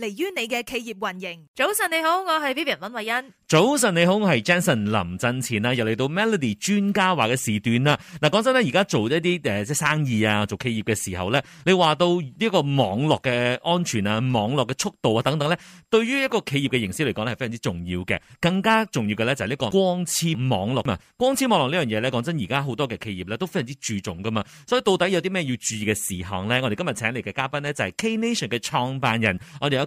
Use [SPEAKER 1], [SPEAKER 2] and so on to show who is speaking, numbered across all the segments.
[SPEAKER 1] 嚟於你嘅企業運營。早晨你好，我係 Vivian 尹慧欣。
[SPEAKER 2] 早晨你好，我係 Jenson 林振前啊！又嚟到 Melody 專家話嘅時段啦。嗱，講真咧，而家做一啲誒、呃、即係生意啊，做企業嘅時候咧，你話到呢個網絡嘅安全啊、網絡嘅速度啊等等咧，對於一個企業嘅營銷嚟講咧係非常之重要嘅。更加重要嘅咧就係呢個光纖網絡啊！光纖網絡呢樣嘢咧，講真而家好多嘅企業咧都非常之注重㗎嘛。所以到底有啲咩要注意嘅事項咧？我哋今日請嚟嘅嘉賓呢，就係 K Nation 嘅創辦人，我哋有。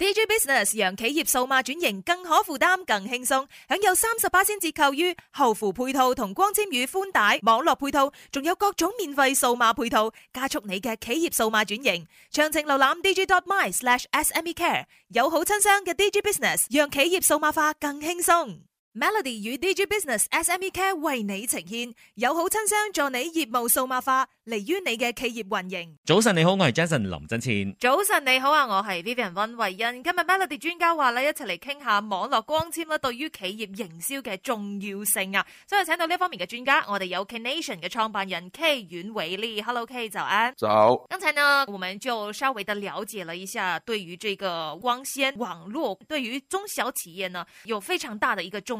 [SPEAKER 1] Digi Business 讓企業數碼轉型更可負擔、更輕鬆，享有三十八仙折扣於後付配套同光纖與寬帶網絡配套，仲有各種免費數碼配套，加速你嘅企業數碼轉型。詳情瀏覽 Digi dot my slash S M E Care，友好親商嘅 Digi Business 讓企業數碼化更輕鬆。Melody 與 DJ Business SME Care 為你呈現，友好親相助你業務數碼化，利於你嘅企業運營。
[SPEAKER 2] 早晨你好，我係 Jason 林振千。
[SPEAKER 1] 早晨你好啊，我係 Vivian 溫慧欣。今日 Melody 專家話咧，一齊嚟傾下網絡光纖啦，對於企業營銷嘅重要性啊。所以請到呢方面嘅專家，我哋有 Canation 嘅創辦人 K 袁偉利。Hello K，早安。
[SPEAKER 3] 早。剛
[SPEAKER 1] 才呢，我們就稍微的了解了一下，對於這個光纖網絡，對於中小企業呢，有非常大的一個重。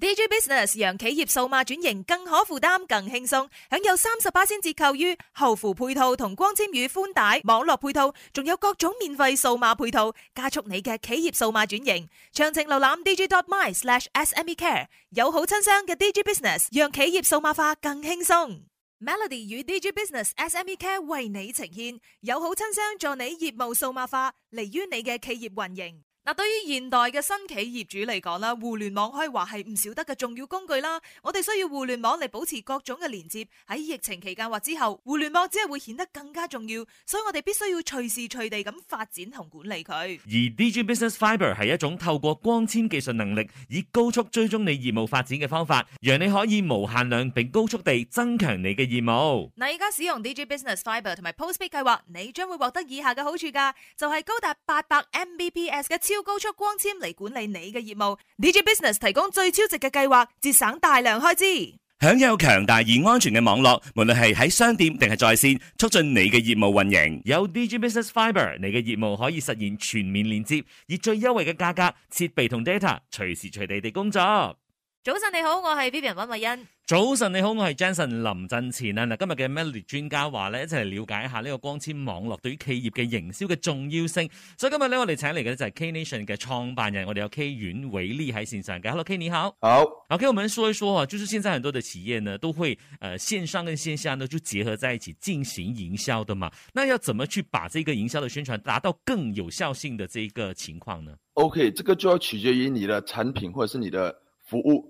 [SPEAKER 1] Digi Business 讓企業數碼轉型更可負擔、更輕鬆，享有三十八巴仙折扣於後付配套同光纖與寬帶網絡配套，仲有各種免費數碼配套，加速你嘅企業數碼轉型。詳情瀏覽 Digi dot my slash S M E Care，友好親商嘅 Digi Business 讓企業數碼化更輕鬆。Melody 與 Digi Business S M E Care 為你呈現友好親商，助你業務數碼化，利於你嘅企業運營。嗱，對於現代嘅新企業主嚟講啦，互聯網可以話係唔少得嘅重要工具啦。我哋需要互聯網嚟保持各種嘅連接。喺疫情期間或之後，互聯網只係會顯得更加重要，所以我哋必須要隨時隨地咁發展同管理佢。
[SPEAKER 2] 而 D J Business Fiber 係一種透過光纖技術能力，以高速追蹤你業務發展嘅方法，讓你可以無限量並高速地增強你嘅業務。
[SPEAKER 1] 嗱，而家使用 D J Business Fiber 同埋 Postpaid 計劃，你將會獲得以下嘅好處噶，就係、是、高達八百 M B P S 嘅。超高速光纖嚟管理你嘅業務，Digi Business 提供最超值嘅計劃，節省大量開支，
[SPEAKER 2] 享有強大而安全嘅網絡，無論係喺商店定係在線，促進你嘅業務運營。有 Digi Business Fiber，你嘅業務可以實現全面連接，以最優惠嘅價格，設備同 data 隨時隨地地工作。
[SPEAKER 1] 早晨你好，我係 Vivian 溫慧欣。
[SPEAKER 2] 早晨你好，我係 Jensen 林振前啊！嗱，今日嘅 media 專家話咧，一齊嚟了解一下呢個光纖網絡對於企業嘅營銷嘅重要性。所以今日咧，我哋請嚟嘅就係 K Nation 嘅創辦人，我哋有 K 遠偉利喺線上嘅。Hello，K 你好。好。OK，我們說一說啊，就是現在很多的企業呢，都會誒、呃、線上跟線下呢就結合在一起進行營銷的嘛。那要怎麼去把這個營銷的宣傳達到更有效性的這一個情況呢
[SPEAKER 3] ？OK，這個主要取決於你的產品或者是你的服務。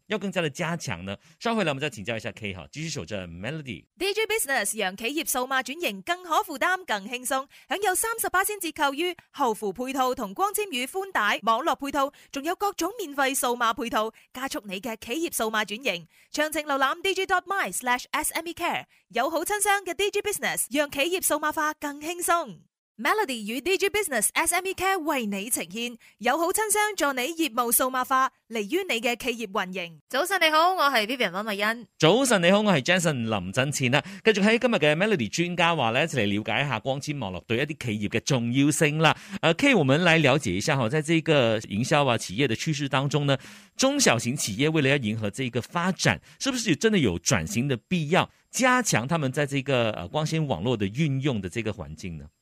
[SPEAKER 2] 要更加的加強呢。稍後呢，我們再請教一下 K 哈，繼續守着 Melody
[SPEAKER 1] DJ Business，讓企業數碼轉型更可負擔、更輕鬆，享有三十八千折扣於後付配套同光纖與寬帶網絡配套，仲有各種免費數碼配套，加速你嘅企業數碼轉型。詳情瀏覽 DJ dot my slash SME Care，友好親商嘅 DJ Business，讓企業數碼化更輕鬆。Melody 與 Digi Business SME Care 為你呈現，友好親商，助你業務數碼化，利於你嘅企業運營。早晨你好，我係 Vivian 温慧欣。
[SPEAKER 2] 早晨你好，我係 Jason 林振前啦。繼續喺今日嘅 Melody 專家話咧，一齊嚟了解一下光纖網絡對一啲企業嘅重要性啦。o、呃、K，我們嚟了解一下哈，在這個營銷啊企業的趨勢當中呢，中小型企業為了要迎合這個發展，是不是有真的有轉型的必要，加強他們在這個誒光纖網絡的運用的這個環
[SPEAKER 3] 境呢？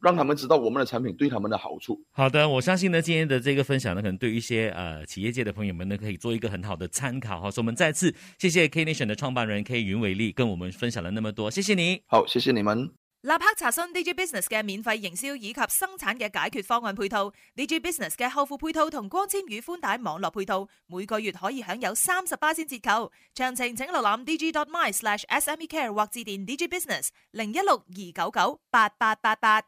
[SPEAKER 3] 讓他們知道我們的產品對他們的好處。
[SPEAKER 2] 好的，我相信呢，今天的這個分享呢，可能對一些呃企業界的朋友們呢，可以做一個很好的參考哈。所以我們再次謝謝 K Nation 的創辦人 K 雲偉力跟我們分享了那麼多，謝謝你。好，謝謝你們。
[SPEAKER 1] 立刻查詢 D G Business 嘅免費營銷以及生產嘅解決方案配套，D G Business 嘅後付配套同光纖與寬帶網絡配套，每個月可以享有三十巴仙折扣。詳情請瀏覽 D G dot my slash s m e care 或致電 D G Business 零一六二九九八八八八。